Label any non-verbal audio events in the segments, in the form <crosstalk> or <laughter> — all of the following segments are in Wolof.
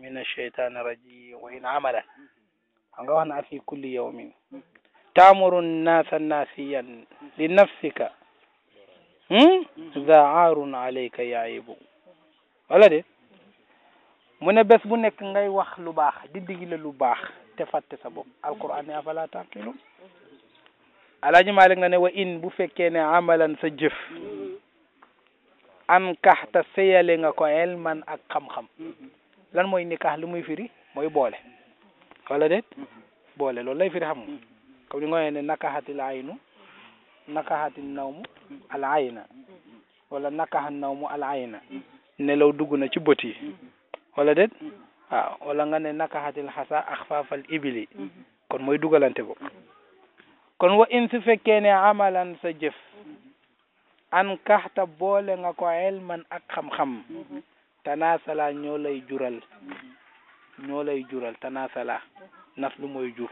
من الشيطان الرجيم وإن عمل أنقوهن في كل يوم تأمر الناس ناسيا لنفسك ذا عار عليك يا عيب ولا دي من بس بنك نغي وخ لو باخ دي دي لو باخ تفات سبب القران افلا تعقلوا على جمالك نني وان بو فكين عملا سجف ام كحت سيال نكو علما ak xam xam lan mooy nikaax lu muy firi mooy boole wala déet boole loolu lay firi xam nga comme ni nga waxee ne nakaxatil aynu nakaxatil nawmu al ayna wala nakaxa nawmu al ayna nelaw dugg na ci bët yi wala déet waaw wala nga ne nakaxatil xasa axfaafal ibili kon mooy dugalante bo kon wa in su fekkee ne amalan sa jëf an kaxta boole nga ko elman ak xam-xam tanaasala ñoo lay jural ñoo lay jural tanaasala naf lu mooy jur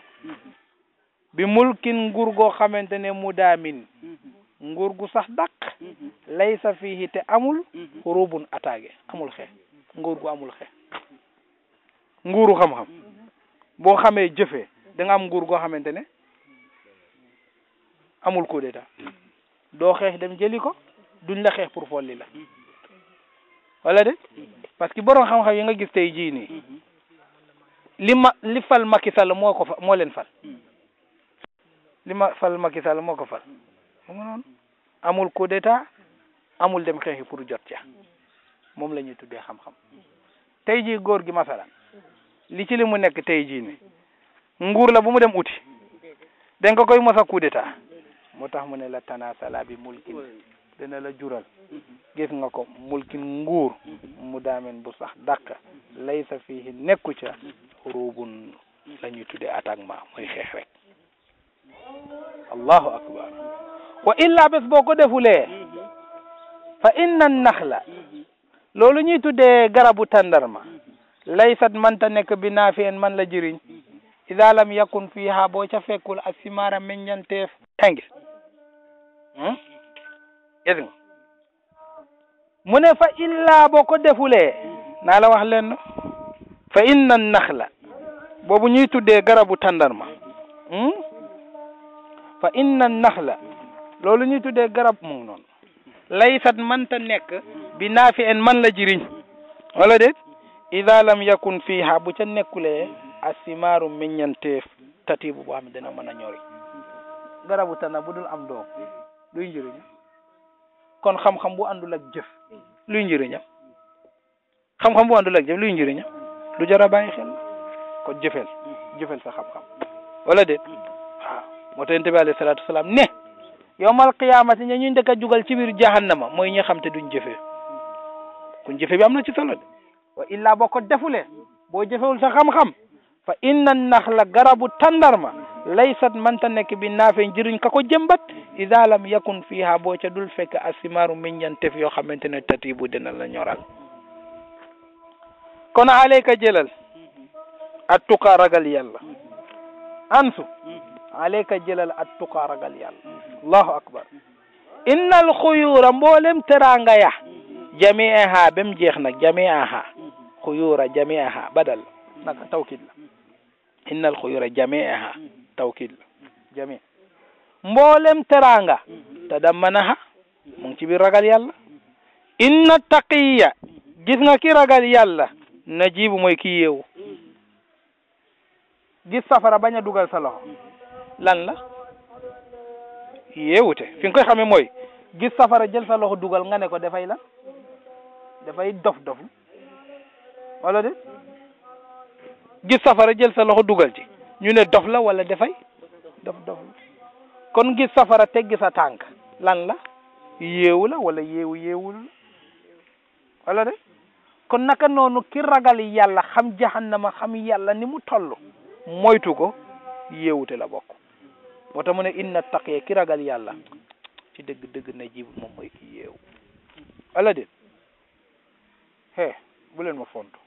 bi mulkin nguur goo xamante ne mu daamin nguur gu sax dàq lay sa fii te amul xurubun attaqué amul xe nguur gu amul xe nguuru xam-xam boo xamee jëfee da am nguur goo xamante ne amul coup d'état doo xeex dem jëli ko duñ la xeex pour folli la wala de parce que borom xam-xam yi nga gis tey jii ni li ma li fal Macky moo ko fa moo leen fal li ma fal Macky Sall moo ko fal mu nga noonu amul coup d'état amul dem xeexi pour jot ca moom la ñuy tuddee xam-xam tey ji góor gi masalan li ci li mu nekk tey jii nii nguur la bu mu dem uti dañ ko koy mos a coup d'état moo tax mu ne la tanasala bi mulkin dina la jural gis nga ko mulkin nguur mu daamen bu sax dàq laysa fihi nekku ca xurubun la ñuy tudde attaquement mooy xeex rek allahu akbar wa illa bés boo ko defulee fa inna naxla loolu ñuy tuddee garabu tàndarma laysat manta nekk bi naafi man la jëriñ ida lam yakun fiha boo ca fekkul ak simaara meññanteef tànge hmm? gis mu ne fa illaa boo ko defulee naa la wax leen fa inna naxla bobu ñuy tuddee garabu tàndarma hmm? fa inna naxla loolu ñuy tuddee garab mu ngi noonu laysat mënta nekk bi naafi en man la jëriñ walla déet ida lam yakun fiha bu ca nekkulee asimaaru meññanteef tatibu boo xam ne dana mën a ñori garabu tàndar bu dul am doom duy njëriñ kon xam-xam bu àndul ak jëf luy njëriñam xam-xam bu àndul ak jëf luy njëriñam lu jar a bàyyi xel kon jëfel sa xam-xam wala déet waaw moo tax yonent bi alayhi salaatu ne yowmal qiyaamati ña ñu njëkk a jugal ci biir jahannama mooy ñi xam te duñ jëfee kon jëfe bi am na ci solo de wa illaa boo ko defulee boo jëfewul sax xam-xam fa inna naxla garabu tandarma laysat manta nekk bi naafe njëriñ ka ko jëmbat ida lam yakun fiha boo ca dul fekk asimaaru meññan tef yoo xamante ne tatibu dina la ñoral kon aleyka jëlal at tuqa ragal yàlla ansu aleyka jëlal at tuqa ragal yàlla allahu akbar inna al xuyuura mboolem teraanga ya jamiaha bem jeex nag jamiaha xuyuura jamiaha badal naka tawkid la innal xuyura jamiaha tawkid la jami mboolem teraanga te dammanaha mu ngi ci biir ragal yàlla inna taqiya gis nga ki ragal yàlla na jibu mooy ki yeewu gis safara bañ a dugal sa lan la yeewute fi nga koy xamee mooy gis safara jël sa loxo dugal nga ne ko defay la dafay dof dof wala de gis safara jël sa loxo dugal ci ñu ne dof la wala dafay dof dof la kon gis safara teggi sa tànk lan la yéewu la wala yéew yéewul la wala de kon naka noonu ki ragal yàlla xam jahannama xam yàlla ni mu toll moytu ko yéewute la bokk moo tax ma ne inna taqee ki ragal yàlla ci dëgg dëgg na jib moom mooy ki yéewu de he bu leen ma fontu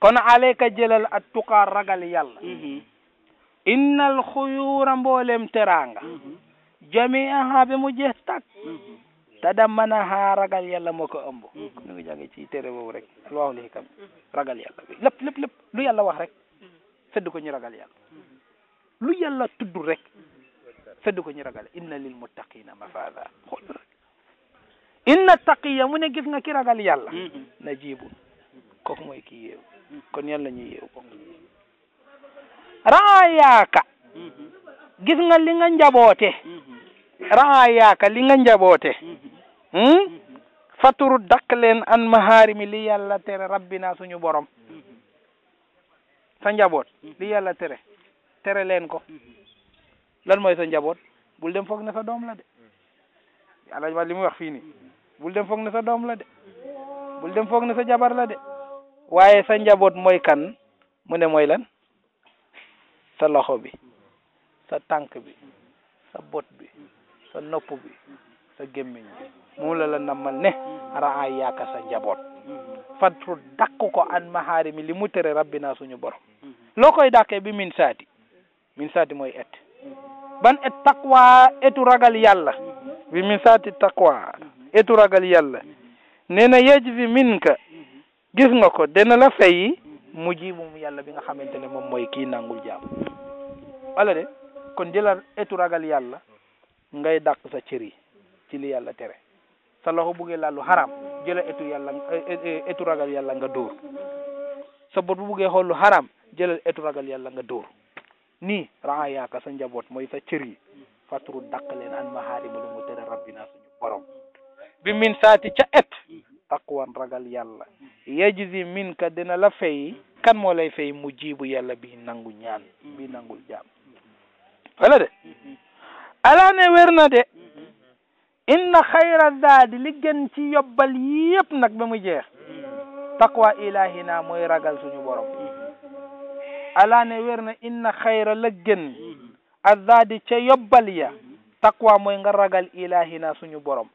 kon alayka jëlal at tuqaa ragal yàlla mhm. innal xuyuura mboolem teraanga mhm. jamiaha bi mu jeex tàkk mhm. te da mën ragal yàlla moo ko ëmb ñu ngi jànge ci téere boobu rek alwaaw li kam ragal yàlla bi lépp lépp lépp lu yàlla wax rek sedd ko ñu ragal yàlla lu yàlla tudd rek sedd ko ñu ragal inna lil muttaqina mafaza xool inna taqiya mu ne gis nga ki ragal yàlla na jiibul kooku mooy ki kon yàlla ñu yeew ko raayaaka gis nga li nga njaboote raayaaka li nga njaboote hmm? faturu dakk leen an maharimi li yàlla tere rabbina suñu borom sa njaboot li yàlla tere tere leen ko lan mooy sa njaboot bul dem foog ne sa doom la de yàlla li muy wax fii nii bul dem foog ne sa doom la de bul dem foog ne sa jabar la de waaye sa njaboot mooy kan mu ne mooy lan sa loxo bi sa tànk bi sa bot bi sa nopp bi sa gémmiñ bi moom la la nammal ne raa yaaka sa njaboot fatru dàq ko an maxaari mi li mu tere rabbina suñu borom loo koy dàqee bi min saati min saati mooy et ban et taqwa etu ragal yàlla bi min saati taqwa etu ragal yàlla nee na yejzi minka gis nga ko dana la fay mu ji moom yàlla bi nga xamante ne moom mooy kii nangul jaam wala de kon jëlal etu ragal yàlla ngay dàq sa cër yi ci li yàlla tere sa loxo buggee lalu lu xaraam jëlal etu yàlla etu ragal yàlla nga door sa bët bu buggee xool xaram xaraam jëlal etu ragal yàlla nga dóor nii raayaaka sa njaboot mooy sa cër yi fatru dàq leen an mahaariba lu mu tere rabbina suñu bi min saati ca et taqwan ragal yàlla yajzi minka dina la fay kan moo lay fay mu jiibu yàlla bi nangu ñaan bi nangul jaam wala de alaa ne wér na de inna xayra zaadi li gën ci yobbal yépp nag ba mu jeex taqwa ilahina mooy ragal suñu borom alaa ne wér na inna xayra la gën azaadi ca yobbal ya taqwa mooy nga ragal ilahina suñu borom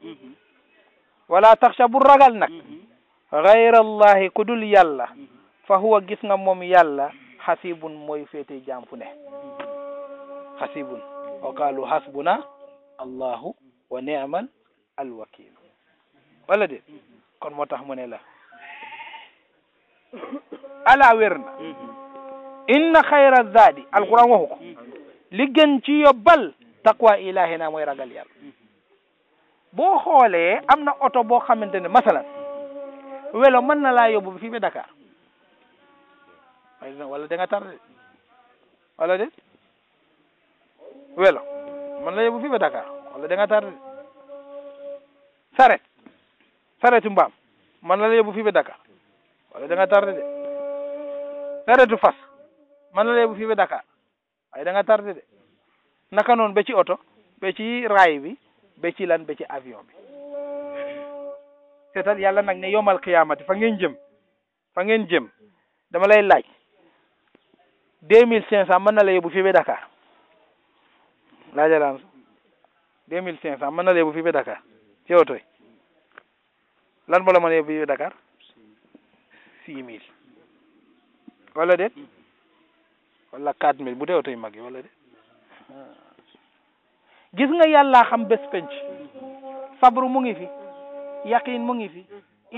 wala taxsha bu ragal nag mm-hmm. gayrallahi ku dul yàlla mm-hmm. fa huwa gis nga moom yàlla xasibun mooy féete jaam fu ne mm-hmm. xasibun wa qaalu hasbuna allahu wa ni'mal alwakil wala de kon moo tax mu ne la ala wér na inna xayra zaadi alquran waxu ko li gën ci yobbal taqwa ilahi naa mooy ragal yàlla boo xoolee am na oto boo xamante ne masalan welo mën na laa yóbbu fi ba Dakar wala da nga tardé wala de welo mën la yóbbu fii ba Dakar walla da nga tardé saret saretu mbam mën na la yóbbu fii ba Dakar wala da nga tardé de saretu fas mën na la yóbbu fi ba Dakar waaye da nga tardé de naka noonu ba ci oto ba ci raay bi ba ci lan ba ci avion bi seetal yàlla nag ne yomal xiyaamati fa ngeen jëm fa ngeen jëm dama lay laaj deux mille cinq cent mën na bu fi fii ba Dakar laajalaam deux mille cinq cent mën na la yóbbu fii ba Dakar ci oto yi lan moo la mën a yóbbu fii ba Dakar six mille wala wala quatre mille bu dee oto yu mag yi gis nga yàllaa xam bés penc sabru mu fi yaqiin mu ngi fi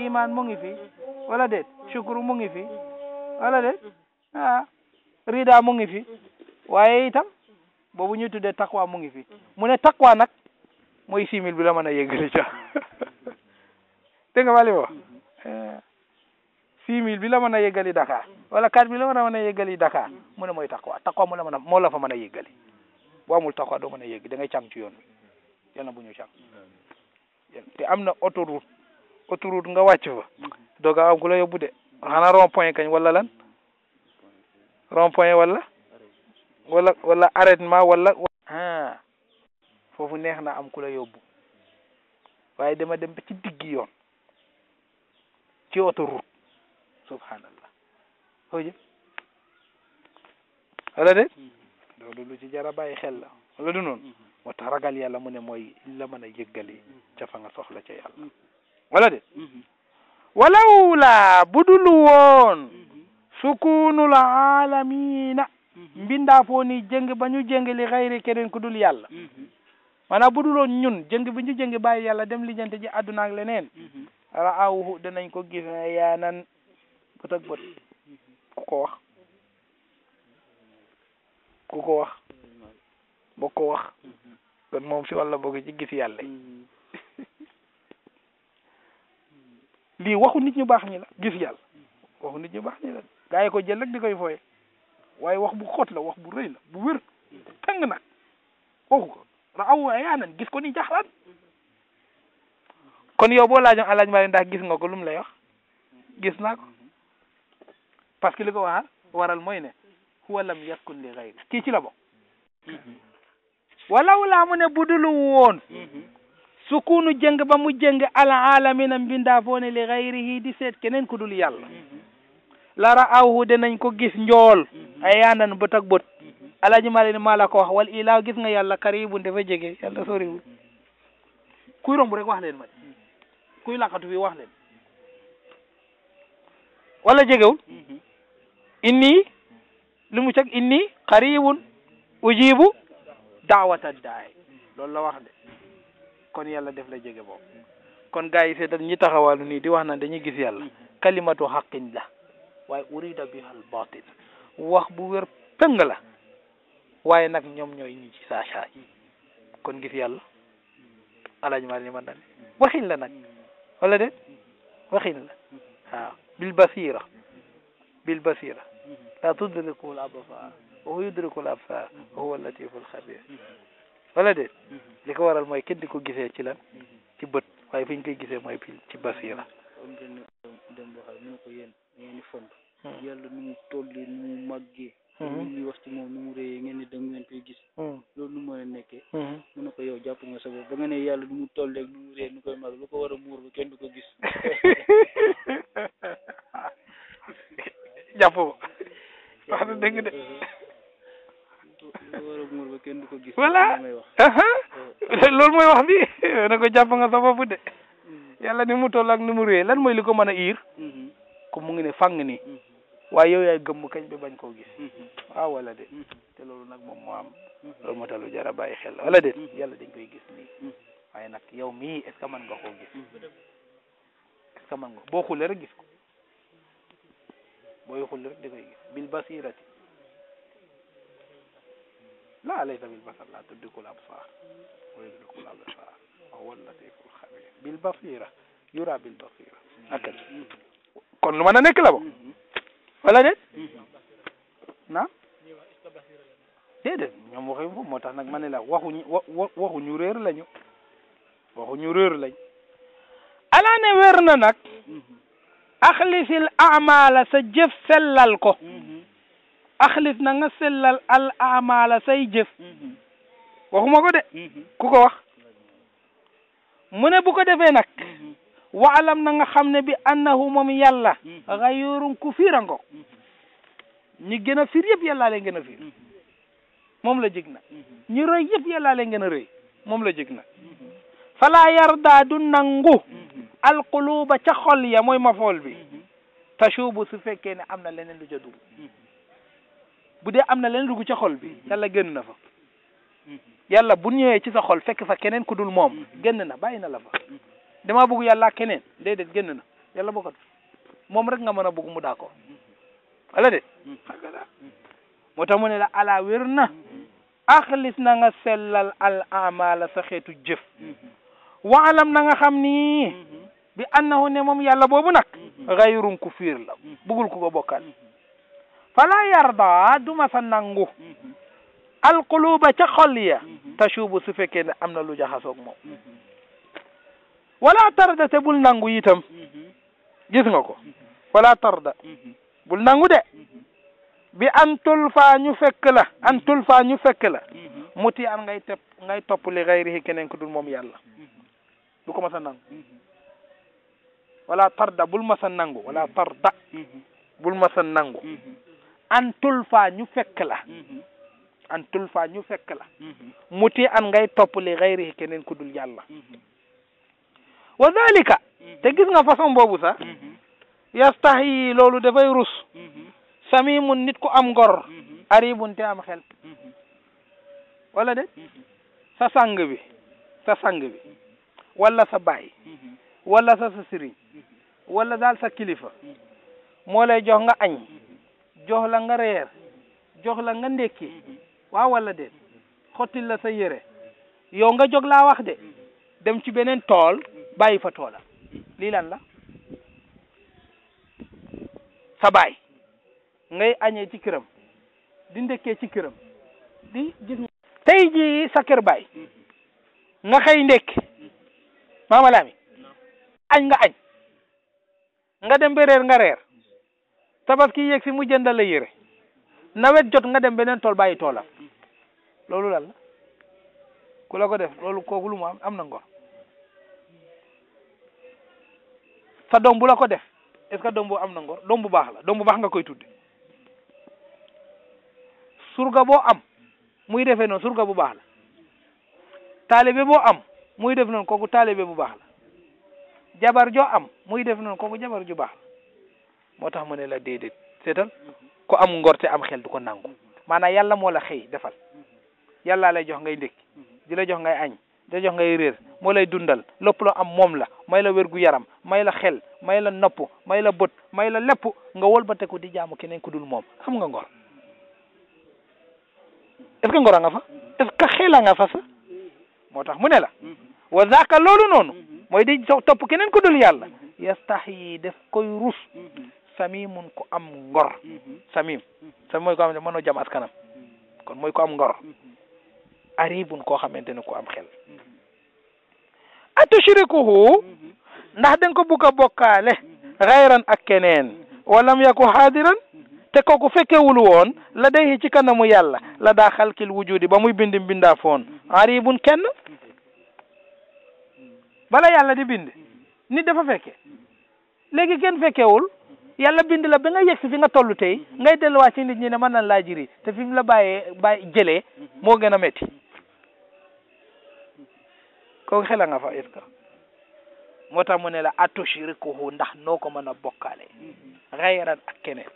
iman mu ngi fi wala déet shukru mu ngi fi wala déet ah rida mu fi waaye itam boobu ñu tuddee taqwa mu ngi fi mu ne taqwa nag mooy simil bi la mën a yëggali ca dégg nga wàli bo six mille bi la mën a <laughs> wala quatre mille la mën a mën a yëggali Dakar mu ne mooy taqwa taqwa mu la mën a la fa mën a yëggali boo amul taxawaay doo mën a yegg da ngay ci yoon bi bu ñu càng te am na autoroute autoroute nga wàcc fa mm-hmm. doo gaaw am ku la yóbbu de xanaa rond point kañ wala lan rond point wala wala wala arrêtement wala ah foofu neex na am ku la yóbbu dama dem ba ci diggi yoon ci autoroute subhanallah oo jë loolu ci jar bàyyi xel la la du noonu mm-hmm. moo tax yàlla mu ne mooy la mën a yëggali mm-hmm. ca fa nga soxla ca yàlla wala de mm-hmm. walawla budul woon sukunul aalamina mbindaa foo ni jëng ba ñu jëng li xayri keneen ku dul yàlla woon ñun jëng bi ñu jëng bàyyi yàlla dem lijjante ji àdduna ak leneen raawuhu danañ ko gis yaanan bët ak bët ku wax ku ko wax boo ko wax kon moom si wàlla bokk ci gis yàlla yi lii waxu nit ñu baax ñi la gis yàlla waxu nit ñu baax ñi la gaa ko jël rek di koy fooye waaye wax bu xot la wax bu rëy la bu wér tàng nag waxu ko raaw ayaanan gis ko ni jaxlaan kon yow boo laajoon alaaj ma ndax gis nga ko lu lay wax gis naa ko parce que waral mooy huwa lam yakun li xayri ki ci la bokk mm-hmm. walaw laa mu ne budulu woon mm-hmm. sukunu jëng ba mu jëng al alamina mbindaa foo ne li xayrihi di seet keneen ku dul yàlla mm-hmm. lara awhu danañ ko gis njool ay yaanan bët ak bët alaaji maa leen maa wax wal ilaa gis nga yàlla karibun dafa jege yàlla soriwul kuy romb rek wax leen ma kuy laqatu fi wax leen wala jegewul inni li mu cag inni qaribun ujibu daawata daay loolu la wax de kon yàlla def la jege boobu kon gars yi ñi taxawaalu nii di wax naan dañuy gis yàlla kalimatu xaqin la waaye urida biha al batil wax bu wér pëng la waaye nag ñoom ñooy ñi ci saasa yi kon gis yàlla alaaj ma ni man dane waxin la nag wala déet waxin la waaw bil basira bil basira لا تدركه الأبصار وهو يدرك الأبصار وهو اللطيف الخبير wala déet li ko waral mooy kenn di ko gisee ci lan ci bët waaye fi ñu koy gisee mooy ci basiira dem waxal mu ne ko yéen ngeen di fond hmm. yàlla nu mu tolli nu mu màggee ñu hmm. li wax ci moom nu mu réyee ngeen ni dem ngeen koy gis hmm. loolu nu mën a nekkee mu ne ko yow jàpp nga sa ba nga yàlla nu mu tolli ak nu mu réyee nu koy màgg lu ko war a muur ba kenn du ko gis <laughs> jàpp wax na dëgg de voilà uh-huh. <laughs> loolu mooy wax bi <laughs> na ko jàpp nga sa bopp de mm-hmm. yàlla ni mu toll ak ni mu réer lan mooy li ko mën a iir comme mm-hmm. mu ngi ne fang nii mm-hmm. waaye yow yaay gëmm kañ bi bañ koo gis waaw ah, wala de te loolu nag moom moo am loolu moo bàyyi xel wala de yàlla dañ koy gis nii waaye nag yow mii est-ce nga koo gis est nga boo xulee gis ko booy xulli rek da koy gis bil basirati laa laysa bil basar laa tuddikul absaar wa yudrikul bil basira yura bil basira ak kon lu mën a nekk la bo mm-hmm. wala déet mm-hmm. naam déedéet ñoom waxi foofu moo tax nag ma ne la waxuñu waxuñu réer lañu waxuñu réer lañ ala e wér na nag mm-hmm. axlisil amaala sa jëf sellal ko mm-hmm. axlis na nga sellal al amaala say jëf mm-hmm. waxuma ko de mm-hmm. ku ko wax mu ne bu ko defee nag waalam na nga xam ne bi annahu moom yàlla xayurun ku fiirango ñi gën a fiir yëpp yàllaa leen gën a fiir moom la jig na ñu rëy yëpp yàllaa leen gën a rëy moom la jig na fala yarda du nangu alquluba ca xol ya mooy ma mafool bi tashubu su fekkee ne am na leneen lu ca bu dee am na leneen dugg ca xol bi yàlla génn na fa yàlla bu ñëwee ci sa xol fekk fa keneen ku dul moom génn na bàyyi na la fa damaa bëgg yàlla keneen déedéet génn na yàlla bokkatu moom rek nga mën a bëgg mu daa ko moo tax mu ne la ala wér na axlis na nga sellal al amala sa xeetu jëf waalam na nga xam ni bi annahu ne moom yàlla boobu nag mhm. gayrun ku fiir la mhm. bugul ku ko bokkal fala yarda du ma sa nangu mhm. alquluba ca xol ya tashubu su fekkee ne am na lu jaxasoog moom wala tarda te bul nangu itam gis nga ko wala tarda bul nangu de bi an tulfa ñu fekk la an tulfa ñu fekk la muti an ngay tepp ngay topp li gayrihi keneen ku dul moom yàlla du ko ma nangu wala tarda bul masa nangu wala mhm. tarda mhm. bul masa ñu fekk la an tulfa ñu fekk la mhm. muti an ngay topp li xayri keneen ku dul yàlla wa dalika te gis nga façon boobu sax yastahi loolu dafay rus samimun nit ku am ngor aribun te am xel wala de sa sang bi sa sang bi wala sa baay wala sa sa sëriñ wala daal sa kilifa moo lay jox nga añ jox la nga reer jox la nga ndekki waaw wala déet xottil la sa yére yow nga jog laa wax de dem ci beneen tool bàyyi fa toola lii lan la sa baay ngay añee ci këram di ndekkee ci këram di gis tey jii sa kër baay nga xëy ndekki maama añ nga añ nga dem ba réer nga reer tabaski yéeg si mu jëndal la yére nawet jot nga dem beneen tool bàyyi toolam loolu lan la ku la ko def loolu kooku lu mu am am na ngor sa doom bu la ko def est-ce que doom bu am na ngor doom bu baax la doom bu baax nga koy tudde surga boo am muy defee noonu surga bu baax la taalibe boo am muy def noonu kooku taalibe bu baax la jabar joo am muy def noonu kooku jabar ju baax moo tax mu ne la déedéet seetal ku am ngor am xel du ko nangu maanaa yàlla moo la xëy defal yàlla lay jox ngay ndékki di la jox ngay añ di jox ngay réer moo lay dundal lépp loo am moom la may la wér gu yaram may la xel may la nopp may la bët may la lépp nga wëlbateeku di jaamu keneen ku dul moom am nga ngor est que ngor a nga fa est que xel a nga fa sax moo tax mu ne la wa loolu noonu mooy day so topp keneen ko dul yàlla yi def koy rus mm-hmm. samimun ko am ngor mm-hmm. samim mm-hmm. samim mooy ko xamante ne mënoo kanam kon mooy ko am ngor aribun koo xamante ne ko am xel atushirikuhu ndax da ko bugg a bokkaale xayran ak keneen walam yako xaadiran te kooku fekkewul woon la day ci kanamu yàlla la daa xalkil wujudi ba muy bindi mbindaa foon aribun kenn bala yàlla di bind nit dafa fekke léegi kenn fekkewul yàlla bind la ba nga yegg si fi nga toll te ngay delluwaat ci nit ñi ne mën nañ laa jiri te fi mu la bàyyee bàyyi jëlee moo gën a metti kooku xela nga fa est-ce que moo tax mu ne la atushirikuhu ndax noo ko mën a bokkaale xayran ak keneen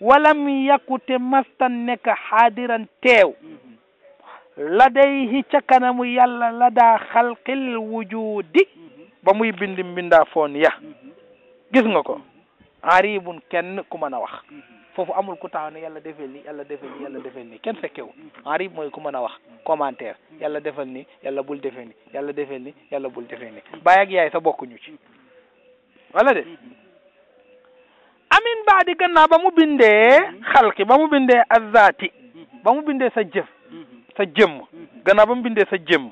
walam yakute mastan nekk xaadiran teew ladayhi ca kanamu yàlla la daa xalqil wujudi ba muy bind mbindaa foon ya gis nga ko aribun kenn ku mën a wax foofu amul ku taxaw ne yàlla defal ni yàlla defal ni yàlla defal ni kenn fekkewu arib mooy ku mën a wax commentaire yàlla defal ni yàlla bul defee ni yàlla defal ni yàlla bul defee ni baay ak yaay sa bokkuñu ci wala de amin baadi gannaaw ba mu bindee xalqi ba mu bindee azzaati ba mu bindee sa jëf sa jëmm gannaaw ba mu bindee sa jëmm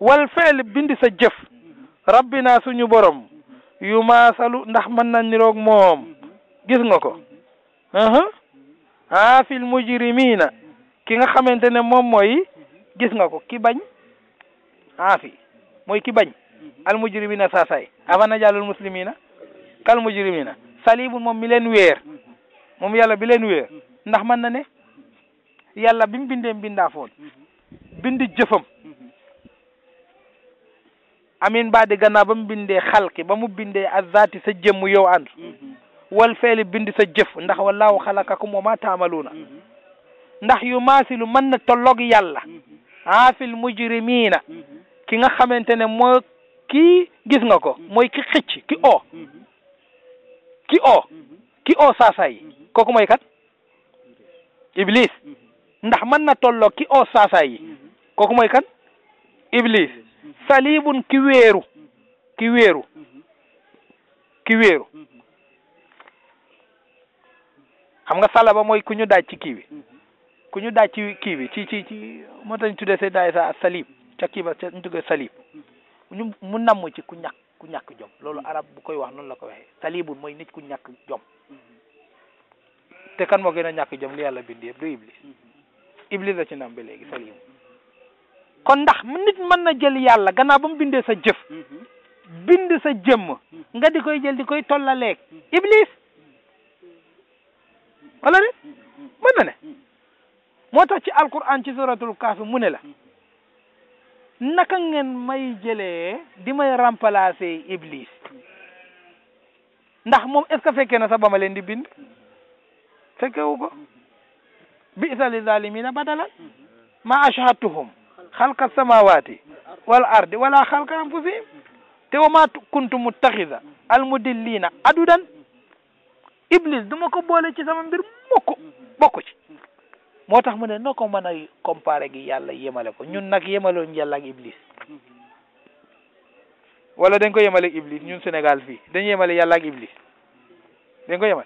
wal feel bindi sa jëf rabbina suñu borom yu maasalu ndax mën na niroog moom gis nga ko aafil mujrimina ki nga xamante ne moom mooy gis nga ko ki bañ aafi mooy ki bañ al mujrimina saasaay afa na jàllul muslimina kal mujrimina moom mi leen weer moom yàlla bi leen weer ndax mën na ne yàlla bi mu bindee mbindaafoon mhm. bind jëfam mhm. amin baa di gannaaw ba mu bindee xalki ba mu bindee azaati sa jëmm yow ànd mhm. wal bind sa jëf ndax wallaahu xalaqakum wa ma taamaluuna ndax yu maasilu mën na tolloog yàlla aafil mujrimiina ki nga xamante ne moo kii gis nga ko mooy ki xëcc ki oo ki oo ki oo saasaay kooku mooy kat iblis ndax mën na tolloo ki oo saasaay yi mm-hmm. kooku mooy kan iblis mm-hmm. salibun ki kiweeru mm-hmm. ki wéeru ki xam nga salaba mooy ku ñu daaj ci kii bi ku ñu daaj ci kii bi ci ci ci moo tax ñu tuddee see daay sa salib ca kii ba ca ñu tuddee salib ñu mu namm ci ku ñàkk ku ñàkk jom loolu arab bu koy wax noonu la ko waxee salibun mooy nit ku ñàkk jom te kan moo gën a ñàkk jom li yàlla bind yëpp iblis iblis la ci ndam ba léegi salim kon ndax nit mën na jël yàlla gannaaw ba mu bindee sa jëf bind sa jëmm nga di koy jël di koy tollaleeg iblis wala ne mën na ne moo tax ci alquran ci suratul kaafi mu ne la naka ngeen may jëlee di may remplacer iblis ndax moom est-ce fekkee na sa ba leen di bind fekkewu ko bisa li zalimina badalan ma ashhadtuhum xalqa samawati wal ardi wala xalqa anfusihim te wa ma kuntu muttaxida al adudan iblis du ma ko boole ci sama mbir mukk bokku ci moo tax mu ne noo ko mën gi yàlla yemale ko ñun nag yemaloo yàlla ak iblis wala dañ ko yemale ak iblis ñun Sénégal fii dañ yemale yàlla ak iblis dañ ko yemal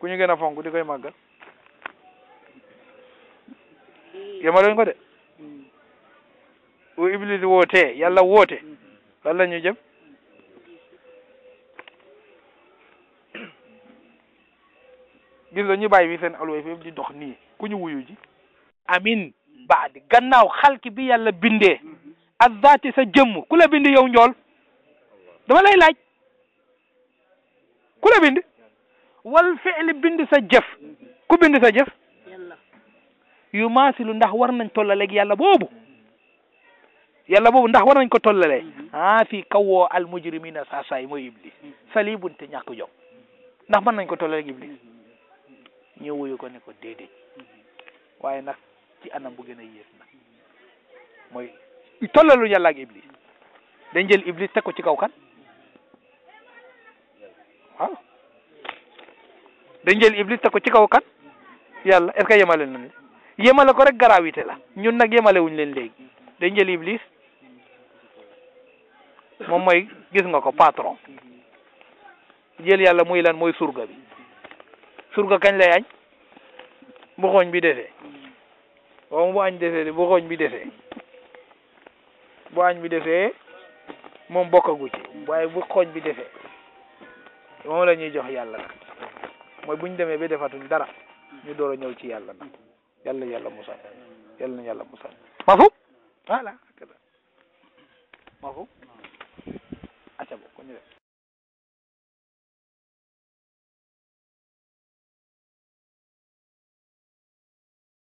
ku ñu gën a fonk di yamaren ko de mm. o woote yàlla woote mm-hmm. lan mm-hmm. ñu jëm gis la ñu bi seen alway fi di dox nii ku ñu wuyu ji amin mm-hmm. baadi gannaaw xalki bi yàlla bindee azzaati sa jëmm ku la bind yow njool dama lay laaj ku la bind wal fi'li bind sa jëf ku bind sa jëf yu maasilu ndax war nañ tollaleeg yàlla boobu yàlla boobu ndax war nañ ko tollalee ah fii kawoo al mujrimina saa saay mooy iblis salibun te ñàkk jo ndax mën nañ ko tollaleeg iblis ñu wuyu ko ne ko déedéet waaye nag ci anam bu gën a yées nag mooy tollalu yàlla ak iblis dañ jël iblis teg ko ci kaw kan waaw dañ jël iblis te ko ci kaw kan yàlla est-ce que yemale yéemale ko rek gravité la ñun nag yéemale leen léegi dañ jël iblis moom mooy gis nga ko patron jël yàlla muy lan mooy surga bi surga kañ lay añ bu xooñ bi desee o bu añ desee bu xooñ bi desee bu añ bi desee moom bokkagu ci waaye bu xooñ bi desee moom la ñuy jox yàlla nag mooy bu ñu demee ba dara ñu door a ñëw ci yàlla yàlla yàlla musal yàlla na yàlla musal mafu voilà mafu acca bo ko ñu def